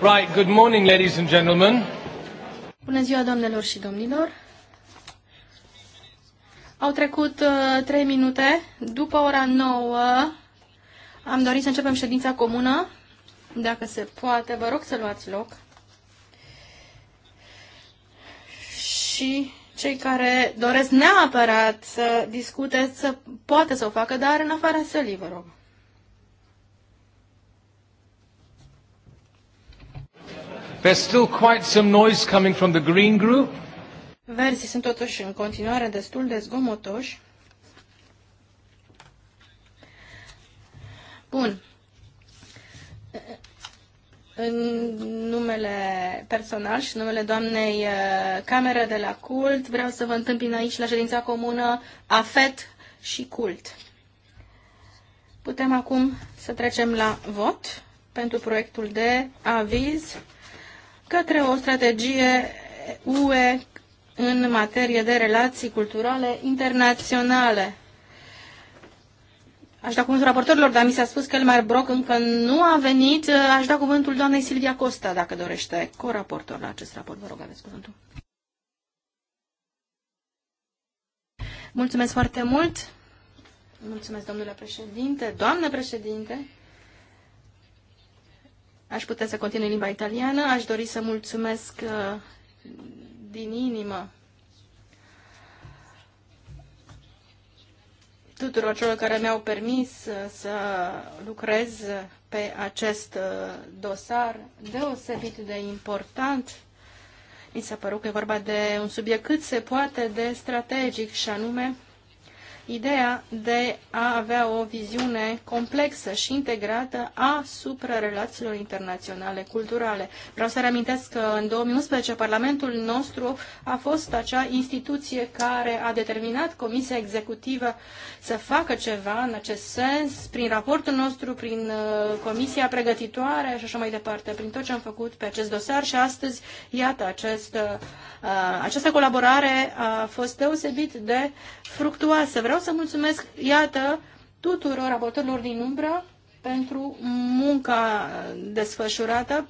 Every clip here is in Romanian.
Right, good morning, ladies and gentlemen. Bună ziua, doamnelor și domnilor. Au trecut uh, 3 minute. După ora 9 am dorit să începem ședința comună. Dacă se poate, vă rog să luați loc. Și cei care doresc neapărat să discute, să poate să o facă, dar în afara sălii, vă rog. There's still quite some noise coming from the green group. Verzii sunt totuși în continuare destul de zgomotoși. Bun. În numele personal și numele doamnei uh, Cameră de la Cult, vreau să vă întâmpin aici la ședința comună AFET și Cult. Putem acum să trecem la vot pentru proiectul de aviz către o strategie UE în materie de relații culturale internaționale. Aș da cuvântul raportorilor, dar mi s-a spus că Elmar Brock încă nu a venit. Aș da cuvântul doamnei Silvia Costa, dacă dorește, co-raportor la acest raport. Vă rog, aveți cuvântul. Mulțumesc foarte mult. Mulțumesc, domnule președinte, doamnă președinte. Aș putea să continui limba italiană. Aș dori să mulțumesc uh, din inimă tuturor celor care mi-au permis uh, să lucrez pe acest uh, dosar deosebit de important. Mi s-a părut că e vorba de un subiect cât se poate de strategic și anume ideea de a avea o viziune complexă și integrată asupra relațiilor internaționale culturale. Vreau să reamintesc că în 2011 Parlamentul nostru a fost acea instituție care a determinat Comisia Executivă să facă ceva în acest sens, prin raportul nostru, prin uh, Comisia Pregătitoare și așa mai departe, prin tot ce am făcut pe acest dosar și astăzi, iată, acest, uh, această colaborare a fost deosebit de fructuoasă. Vreau Vreau să mulțumesc, iată, tuturor raportorilor din umbră pentru munca desfășurată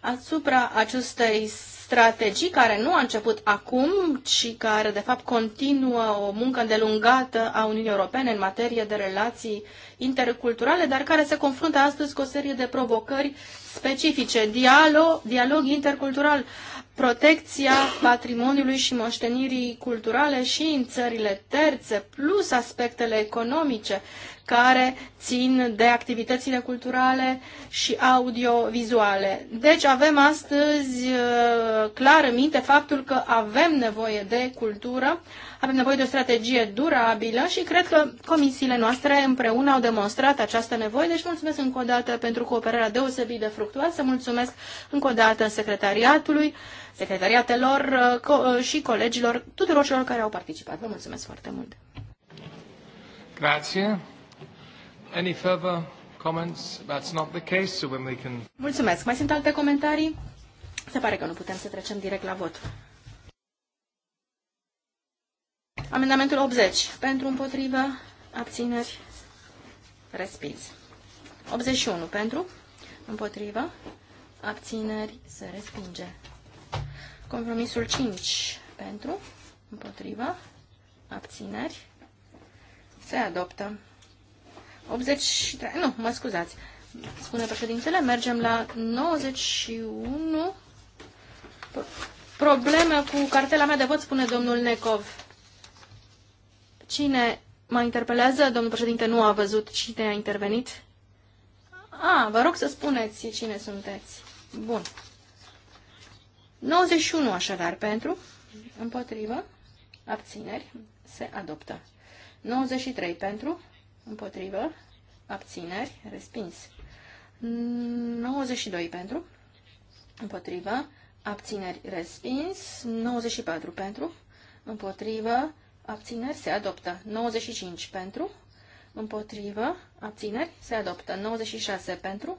asupra acestei strategii care nu a început acum, ci care de fapt continuă o muncă îndelungată a Uniunii Europene în materie de relații interculturale, dar care se confruntă astăzi cu o serie de provocări specifice. Dialog, dialog intercultural, protecția patrimoniului și moștenirii culturale și în țările terțe, plus aspectele economice care țin de activitățile culturale și audiovizuale. Deci avem astăzi uh, clar în minte faptul că avem nevoie de cultură, avem nevoie de o strategie durabilă și cred că comisiile noastre împreună au demonstrat această nevoie. Deci mulțumesc încă o dată pentru cooperarea deosebit de fructuoasă. Mulțumesc încă o dată secretariatului, secretariatelor uh, uh, și colegilor, tuturor celor care au participat. Vă mulțumesc foarte mult. Grazie. Any further comments? That's not the case, so when we can... Mulțumesc. Mai sunt alte comentarii? Se pare că nu putem să trecem direct la vot. Amendamentul 80. Pentru împotrivă, abțineri, respins. 81. Pentru împotrivă, abțineri, se respinge. Compromisul 5. Pentru împotrivă, abțineri, se adoptă. 83. Nu, mă scuzați. Spune președintele, mergem la 91. Problemă cu cartela mea de vot, spune domnul Necov. Cine mă interpelează? Domnul președinte nu a văzut cine a intervenit. A, vă rog să spuneți cine sunteți. Bun. 91 așadar pentru, împotrivă, abțineri, se adoptă. 93 pentru, împotrivă, abțineri, respins. 92 pentru, împotrivă, abțineri, respins. 94 pentru, împotrivă, abțineri, se adoptă. 95 pentru, împotrivă, abțineri, se adoptă. 96 pentru,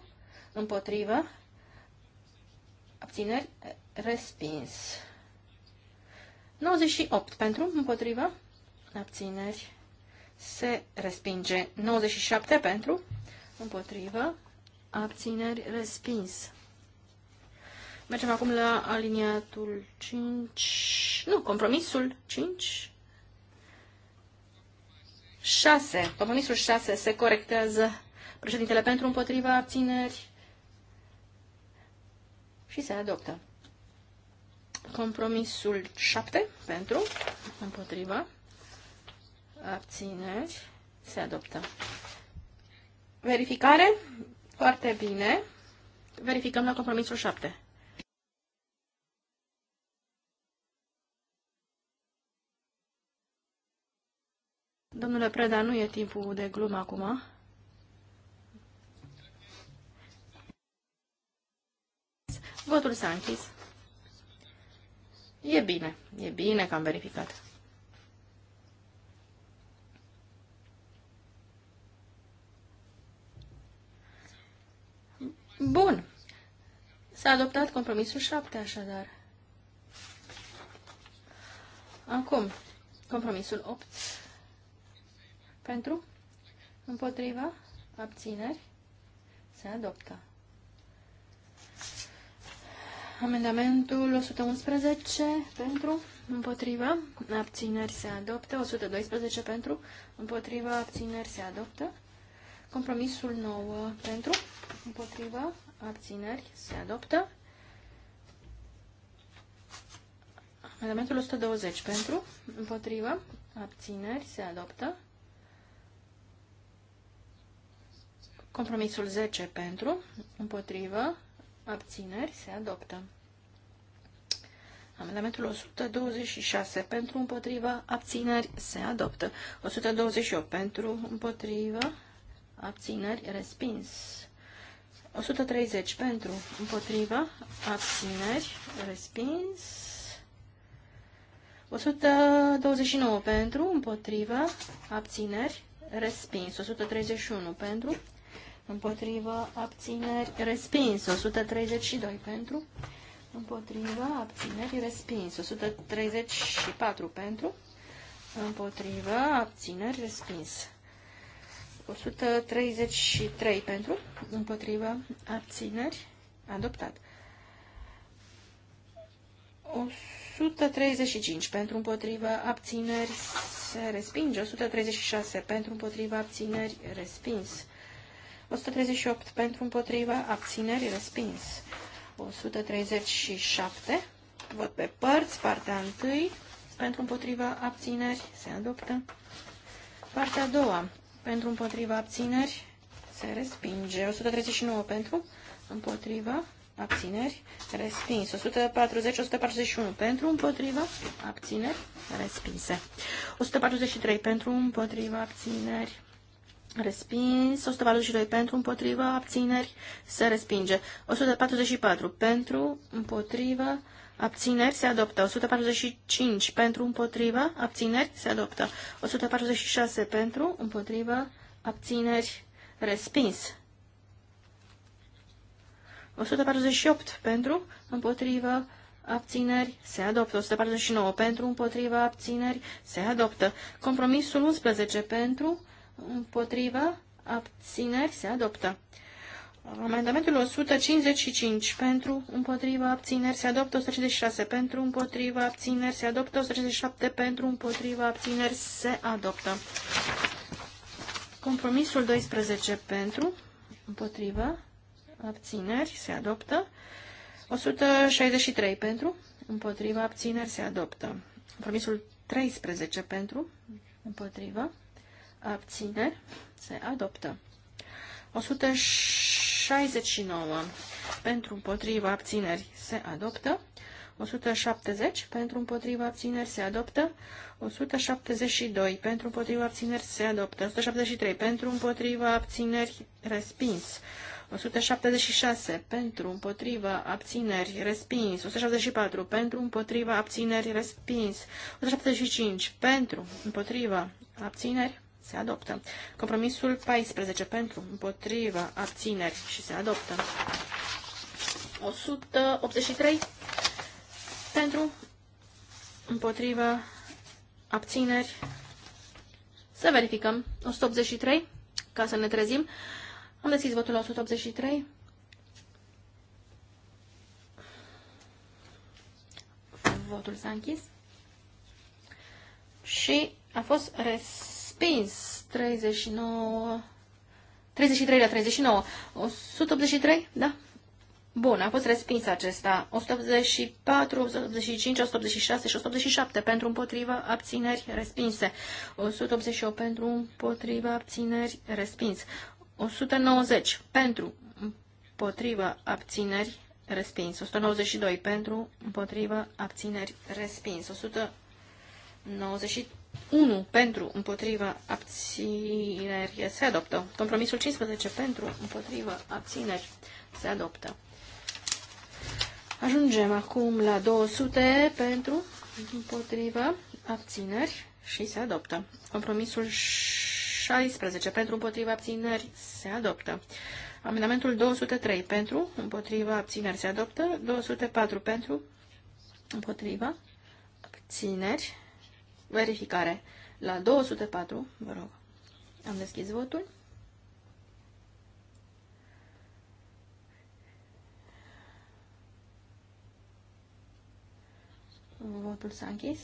împotrivă, abțineri, respins. 98 pentru, împotrivă, abțineri, se respinge. 97 pentru, împotrivă, abțineri, respins. Mergem acum la aliniatul 5, nu, compromisul 5, 6, compromisul 6 se corectează președintele pentru împotriva abțineri și se adoptă. Compromisul 7 pentru împotriva abțineri se adoptă. Verificare? Foarte bine. Verificăm la compromisul 7. Domnule Preda, nu e timpul de glumă acum. Votul s-a închis. E bine, e bine că am verificat. Bun. S-a adoptat compromisul 7, așadar. Acum, compromisul 8. Pentru? Împotriva? Abțineri? Se adoptă. Amendamentul 111 pentru, împotriva, abțineri se adoptă, 112 pentru, împotriva, abțineri se adoptă, compromisul 9 pentru, împotriva, abțineri se adoptă, amendamentul 120 pentru, împotriva, abțineri se adoptă, Compromisul 10 pentru, împotrivă, abțineri, se adoptă. Amendamentul 126 pentru, împotrivă, abțineri, se adoptă. 128 pentru, împotrivă, abțineri, respins. 130 pentru, împotrivă, abțineri, respins. 129 pentru, împotrivă, abțineri, respins. 131 pentru, împotrivă, abțineri, respins. 132 pentru, împotrivă, abțineri, respins. 134 pentru, împotrivă, abțineri, respins. 133 pentru, împotrivă, abțineri, adoptat. 135 pentru împotrivă, abțineri, se respinge. 136 pentru împotrivă, abțineri, respins. 138 pentru împotriva abțineri respins. 137 vot pe părți, partea 1 pentru împotriva abțineri se adoptă. Partea a doua pentru împotriva abțineri se respinge. 139 pentru împotriva abțineri respins. 140 141 pentru împotriva abțineri respinse. 143 pentru împotriva abțineri Respins. 142 pentru, împotrivă, abțineri, se respinge. 144 pentru, împotrivă, abțineri, se adoptă. 145 pentru, împotrivă, abțineri, se adoptă. 146 pentru, împotrivă, abțineri, respins. 148 pentru, împotrivă, abțineri, se adoptă. 149 pentru, împotrivă, abțineri, se adoptă. Compromisul 11 pentru, împotrivă, abțineri, se adoptă. Amendamentul 155 pentru, împotriva, abțineri, se adoptă 156 pentru, împotriva, abțineri, se adoptă 167 pentru, împotriva, abțineri, se adoptă. Compromisul 12 pentru, împotriva, abțineri, se adoptă. 163 pentru, împotriva, abțineri, se adoptă. Compromisul 13 pentru, împotriva, abține, se adoptă. 169 pentru împotriva abțineri se adoptă. 170 pentru împotriva abțineri se adoptă, 172 pentru împotriva abțineri se adoptă, 173 pentru împotriva abțineri respins, 176 pentru împotriva abțineri respins, 174 pentru împotriva abțineri respins, 175 pentru împotriva abțineri se adoptă. Compromisul 14 pentru, împotriva, abțineri și se adoptă. 183 pentru, împotriva, abțineri. Să verificăm. 183, ca să ne trezim. Am deschis votul la 183. Votul s-a închis. Și a fost res spins 39... 33 la 39. 183? Da? Bun, a fost respins acesta. 184, 185, 186 și 187 pentru împotriva abțineri respinse. 188 pentru împotriva abțineri respins. 190 pentru împotriva abțineri respins. 192 pentru împotriva abțineri respins. 193 1 pentru, împotriva, abțineri, se adoptă. Compromisul 15 pentru, împotriva, abțineri, se adoptă. Ajungem acum la 200 pentru, împotriva, abțineri și se adoptă. Compromisul 16 pentru, împotriva, abțineri, se adoptă. Amendamentul 203 pentru, împotriva, abțineri, se adoptă. 204 pentru, împotriva, abțineri, Verificare. La 204, vă rog, am deschis votul. Votul s-a închis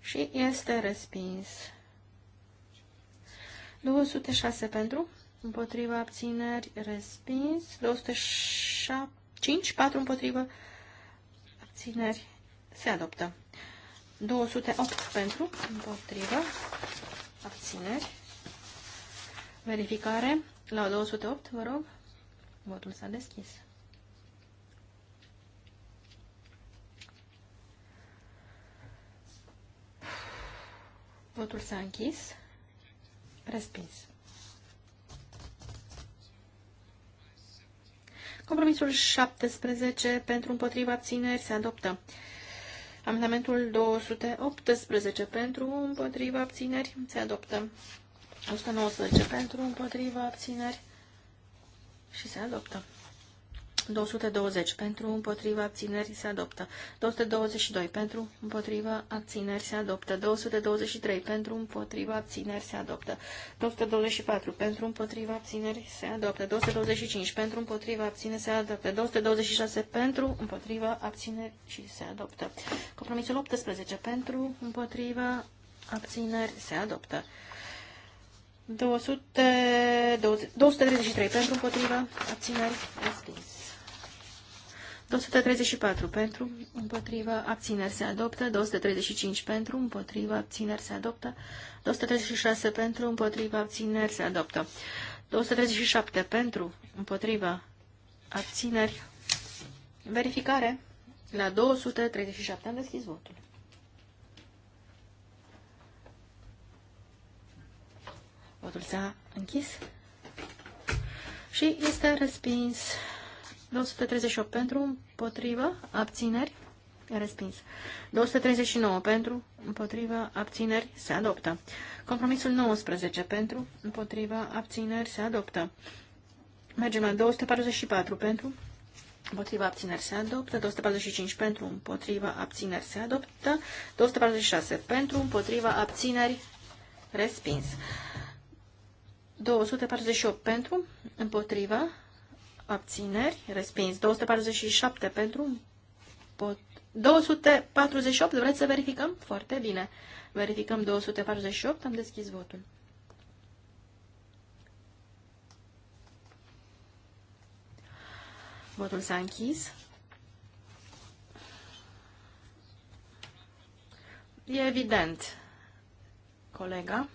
și este respins. 206 pentru, împotriva abțineri, respins. 205, 4 împotriva abțineri, se adoptă. 208 pentru, împotrivă, abțineri. Verificare la 208, vă rog. Votul s-a deschis. Votul s-a închis. Respins. Compromisul 17 pentru împotriva abțineri se adoptă. Amendamentul 218 pentru, împotriva, abțineri, se adoptă. 119 pentru, împotriva, abțineri și se adoptă. 220 pentru împotriva abțineri se adoptă. 222 pentru împotriva abțineri se adoptă. 223 pentru împotriva abțineri se adoptă. 224 pentru împotriva abțineri se adoptă. 225 pentru împotriva abțineri se adoptă. 226 pentru împotriva abțineri și se adoptă. Compromisul 18 pentru împotriva abțineri se adoptă. 200, 200, 233 pentru împotriva, abțineri, respins. 234 pentru, împotrivă, abțineri se adoptă, 235 pentru, împotrivă, abțineri se adoptă, 236 pentru, împotrivă, abțineri se adoptă, 237 pentru, împotrivă, abțineri, verificare, la 237 am deschis votul. Votul s-a închis și este respins 238 pentru, împotrivă, abțineri, respins. 239 pentru, împotrivă, abțineri, se adoptă. Compromisul 19 pentru, împotrivă, abțineri, se adoptă. Mergem la 244 pentru, împotriva abțineri se adoptă, 245 pentru, împotriva abțineri se adoptă, 246 pentru, împotriva abțineri, respins. 248 pentru, împotriva abțineri, respins. 247 pentru, pot, 248, vreți să verificăm? Foarte bine. Verificăm 248, am deschis votul. Votul s-a închis. E evident, colega.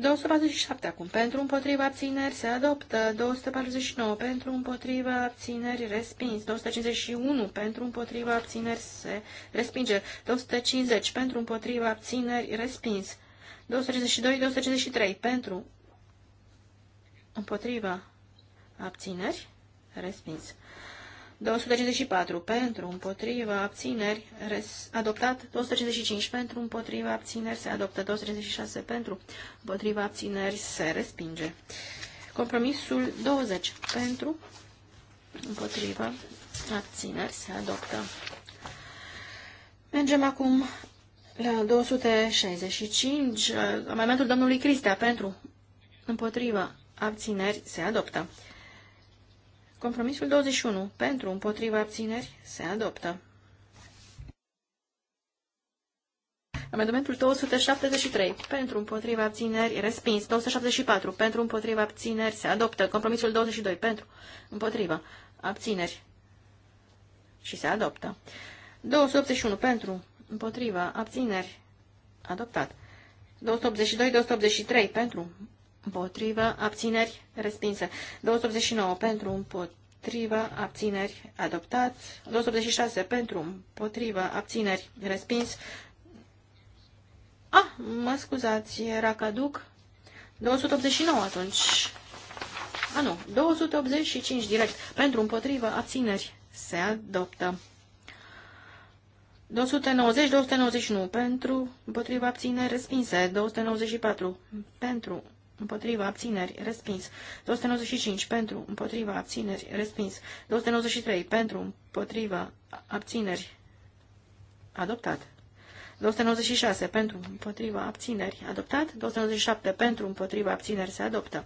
247 acum. Pentru împotriva abțineri se adoptă. 249 pentru împotriva abțineri respins. 251 pentru împotriva abțineri se respinge. 250 pentru împotriva abțineri respins. 252, 253 pentru împotriva abțineri respins. 254 pentru, împotriva, abțineri, res, adoptat. 255 pentru, împotriva, abțineri, se adoptă. 236 pentru, împotriva, abțineri, se respinge. Compromisul 20 pentru, împotriva, abțineri, se adoptă. Mergem acum la 265, amendamentul domnului Cristea pentru, împotriva, abțineri, se adoptă. Compromisul 21. Pentru, împotriva, abțineri, se adoptă. Amendamentul 273. Pentru, împotriva, abțineri, respins. 274. Pentru, împotriva, abțineri, se adoptă. Compromisul 22. Pentru, împotriva, abțineri și se adoptă. 281. Pentru, împotriva, abțineri, adoptat. 282-283 pentru, împotrivă, abțineri, respinse. 289 pentru, împotrivă, abțineri, adoptat. 286 pentru, împotrivă, abțineri, respins. Ah, mă scuzați, era caduc. 289 atunci. A, ah, nu, 285 direct. Pentru, împotrivă, abțineri, se adoptă. 290, 291 pentru, împotriva abțineri respinse, 294 pentru, împotriva abțineri, respins. 295 pentru, împotriva abțineri, respins. 293 pentru, împotriva abțineri, adoptat. 296 pentru, împotriva abțineri, adoptat. 297 pentru, împotriva abțineri, se adoptă.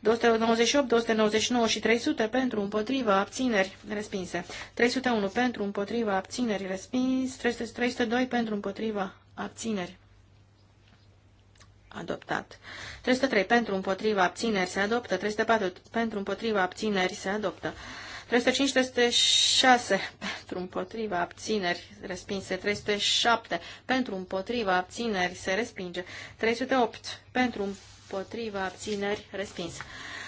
298, 299 și 300 pentru împotriva abțineri respinse. 301 pentru împotriva abțineri respins. 302 pentru împotriva abțineri adoptat. 303 pentru împotriva abțineri se adoptă, 304 pentru împotriva abțineri se adoptă, 305, 306 pentru împotriva abțineri respinse, 307 pentru împotriva abțineri se respinge, 308 pentru împotriva abțineri respins,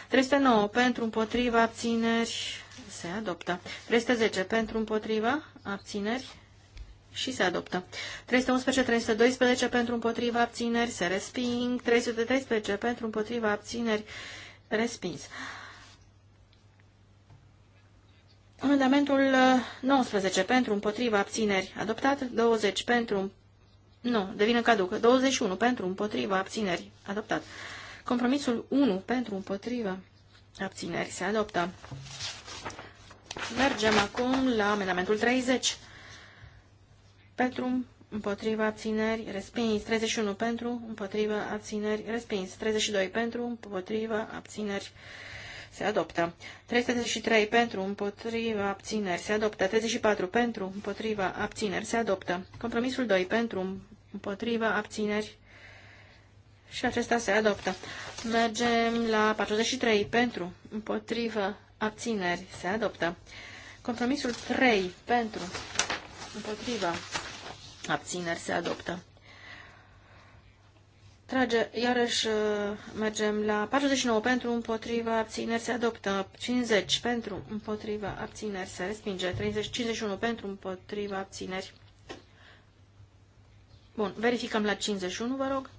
309 pentru împotriva abțineri se adoptă, 310 pentru împotriva abțineri și se adoptă. 311-312 pentru împotriva abțineri se resping. 313 pentru împotriva abțineri respins. Amendamentul 19 uh, pentru împotriva abțineri adoptat, 20 pentru nu, devine caduc. 21 pentru împotriva abțineri adoptat. Compromisul 1 pentru împotriva abțineri se adoptă. Mergem acum la amendamentul 30 pentru, împotriva abțineri, respins. 31 pentru, împotriva abțineri, respins. 32 pentru, împotriva abțineri, se adoptă. 33 pentru, împotriva abțineri, se adoptă. 34 pentru, împotriva abțineri, se adoptă. Compromisul 2 pentru, împotriva abțineri, și acesta se adoptă. Mergem la 43 pentru, împotrivă, abțineri, se adoptă. Compromisul 3 pentru, împotriva, abțineri se adoptă. Trage, iarăși uh, mergem la 49 pentru, împotriva, abțineri se adoptă, 50 pentru, împotriva, abțineri se respinge, 30, 51 pentru, împotriva, abțineri. Bun, verificăm la 51, vă rog.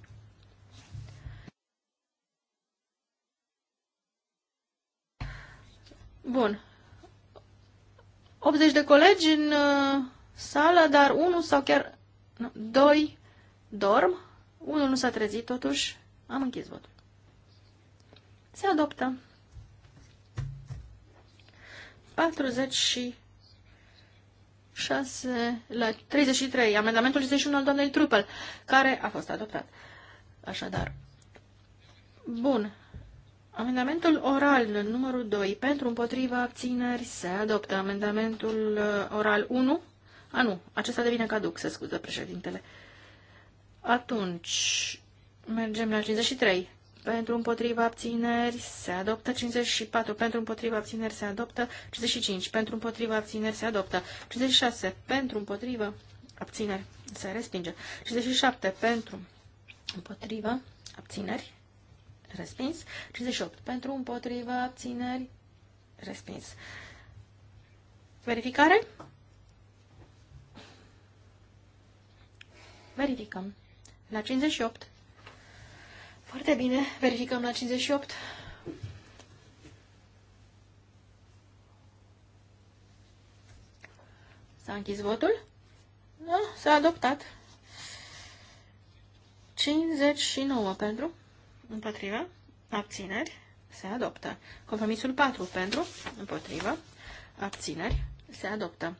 Bun. 80 de colegi în uh, sală, dar unul sau chiar nu. Doi dorm. Unul nu s-a trezit, totuși am închis votul. Se adoptă. 46 la 33, amendamentul 61 al doamnei Trupel, care a fost adoptat. Așadar. Bun. Amendamentul oral numărul 2 pentru împotriva abțineri se adoptă. Amendamentul uh, oral 1 a, nu, acesta devine caduc, se scuză președintele. Atunci, mergem la 53. Pentru împotriva abțineri se adoptă 54. Pentru împotriva abțineri se adoptă 55. Pentru împotriva abțineri se adoptă 56. Pentru împotriva abțineri se respinge. 57. Pentru împotriva abțineri respins. 58. Pentru împotriva abțineri respins. Verificare? Verificăm. La 58. Foarte bine. Verificăm la 58. S-a închis votul? Da, s-a adoptat. 59 pentru, împotriva, abțineri, se adoptă. Compromisul 4 pentru, împotriva, abțineri, se adoptă.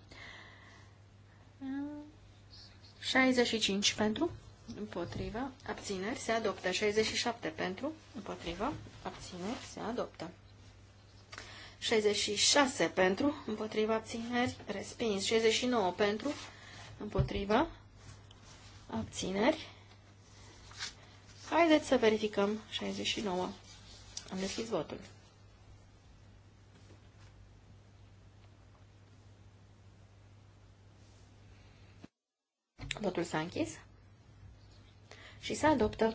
65 pentru, împotriva, abțineri, se adoptă. 67 pentru, împotriva, abțineri, se adoptă. 66 pentru, împotriva, abțineri, respins. 69 pentru, împotriva, abțineri. Haideți să verificăm 69. Am deschis votul. Votul s-a închis și se adoptă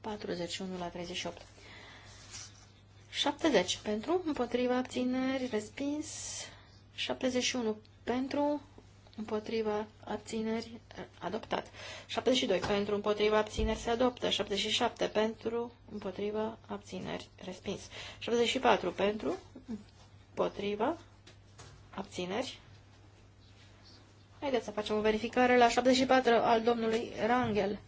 41 la 38. 70 pentru, împotriva abțineri, respins. 71 pentru, împotriva abțineri, adoptat. 72 pentru, împotriva abțineri, se adoptă. 77 pentru, împotriva abțineri, respins. 74 pentru, împotriva abțineri, Haideți să facem o verificare la 74 al domnului Rangel.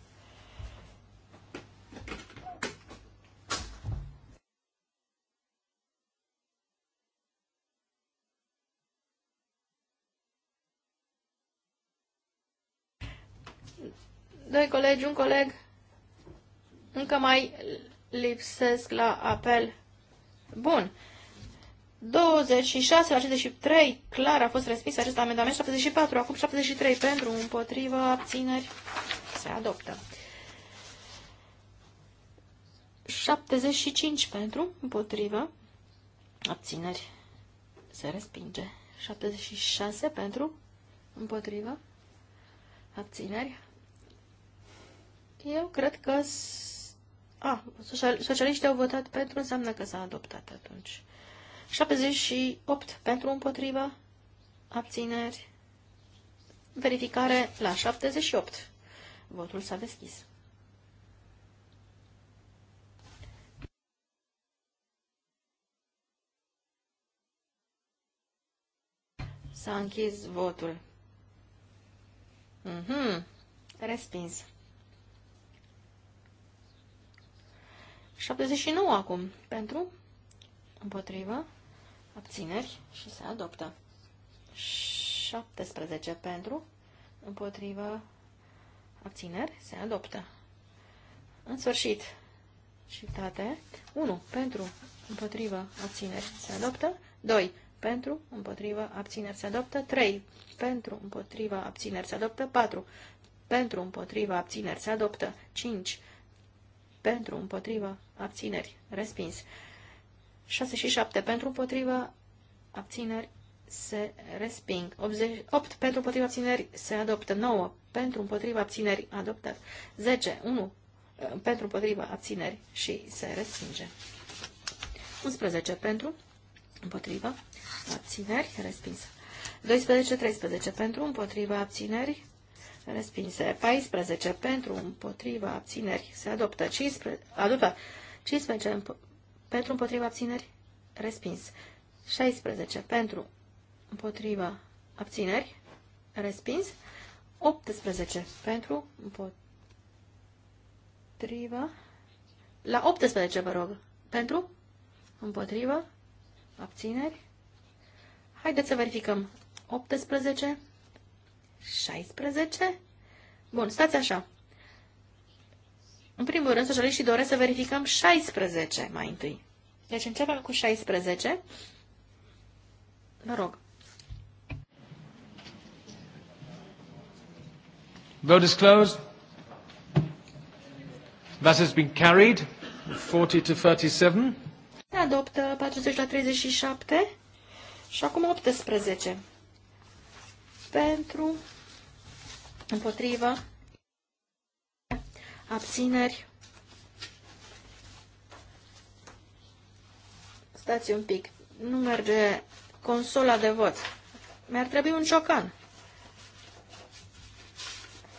Doi colegi, un coleg încă mai lipsesc la apel. Bun. 26 la 73, clar a fost respins acest amendament, 74, acum 73 pentru, împotriva, abțineri, se adoptă. 75 pentru, împotriva, abțineri, se respinge. 76 pentru, împotriva, abțineri. Eu cred că... A, ah, socialiștii au votat pentru, înseamnă că s-a adoptat atunci. 78 pentru împotrivă, abțineri, verificare la 78. Votul s-a deschis. S-a închis votul. Mm -hmm. Respins. 79 acum. Pentru? Împotrivă? abțineri și se adoptă. 17 pentru, împotrivă, abțineri, se adoptă. În sfârșit, citate, 1 pentru, împotrivă, abțineri, se adoptă, 2 pentru, împotrivă, abțineri, se adoptă, 3 pentru, împotrivă, abțineri, se adoptă, 4 pentru, împotrivă, abțineri, se adoptă, 5 pentru, împotrivă, abțineri, respins. 6 și 7 pentru potriva abțineri se resping. 8 pentru potriva abțineri se adoptă. 9 pentru împotriva abțineri adoptat. 10, 1 eh, pentru împotriva abțineri și se respinge. 11 pentru împotriva abțineri respinsă. 12, 13 pentru împotriva abțineri respinse. 14 pentru împotriva abțineri se adoptă. 15, adoptă 15 pentru împotriva abțineri, respins. 16. Pentru împotriva abțineri, respins. 18. Pentru împotriva... La 18, vă rog. Pentru împotriva abțineri. Haideți să verificăm. 18, 16. Bun, stați așa. În primul rând, socialiștii doresc să verificăm 16 mai întâi. Deci începem cu 16. Vă rog. Vote is closed. That has been carried. 40 to 37. Se adoptă 40 la 37 și acum 18. Pentru, împotrivă, abțineri. Stați un pic, nu merge consola de vot. Mi-ar trebui un ciocan.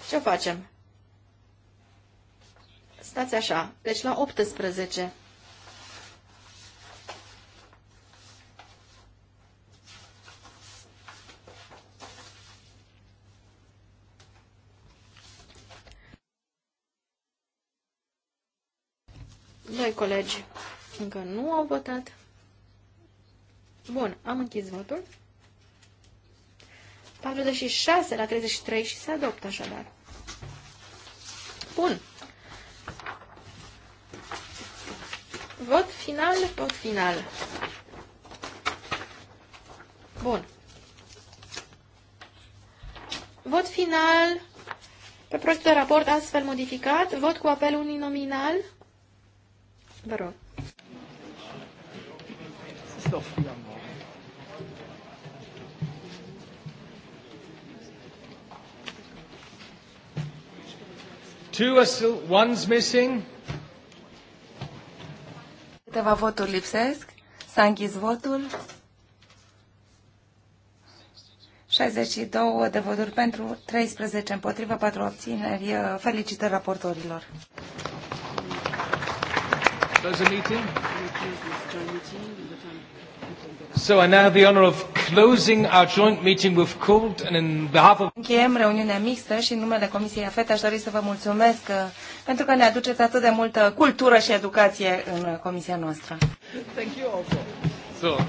Ce facem? Stați așa, deci la 18 Doi colegi încă nu au votat. Bun, am închis votul. 46 la 33 și se adoptă așadar. Bun. Vot final, vot final. Bun. Vot final pe proiectul de raport astfel modificat, vot cu apel uninominal. Vă rog. Two are still, one's missing. Câteva voturi lipsesc. S-a închis votul. 62 de voturi pentru, 13 împotrivă, 4 abțineri. Felicitări raportorilor close the meeting. So I now have the honor of closing our joint meeting with CULT and in behalf of... Încheiem reuniunea mixtă și în numele Comisiei AFET aș dori să vă mulțumesc uh, pentru că ne aduceți atât de multă cultură și educație în uh, comisia noastră. Thank you also. So.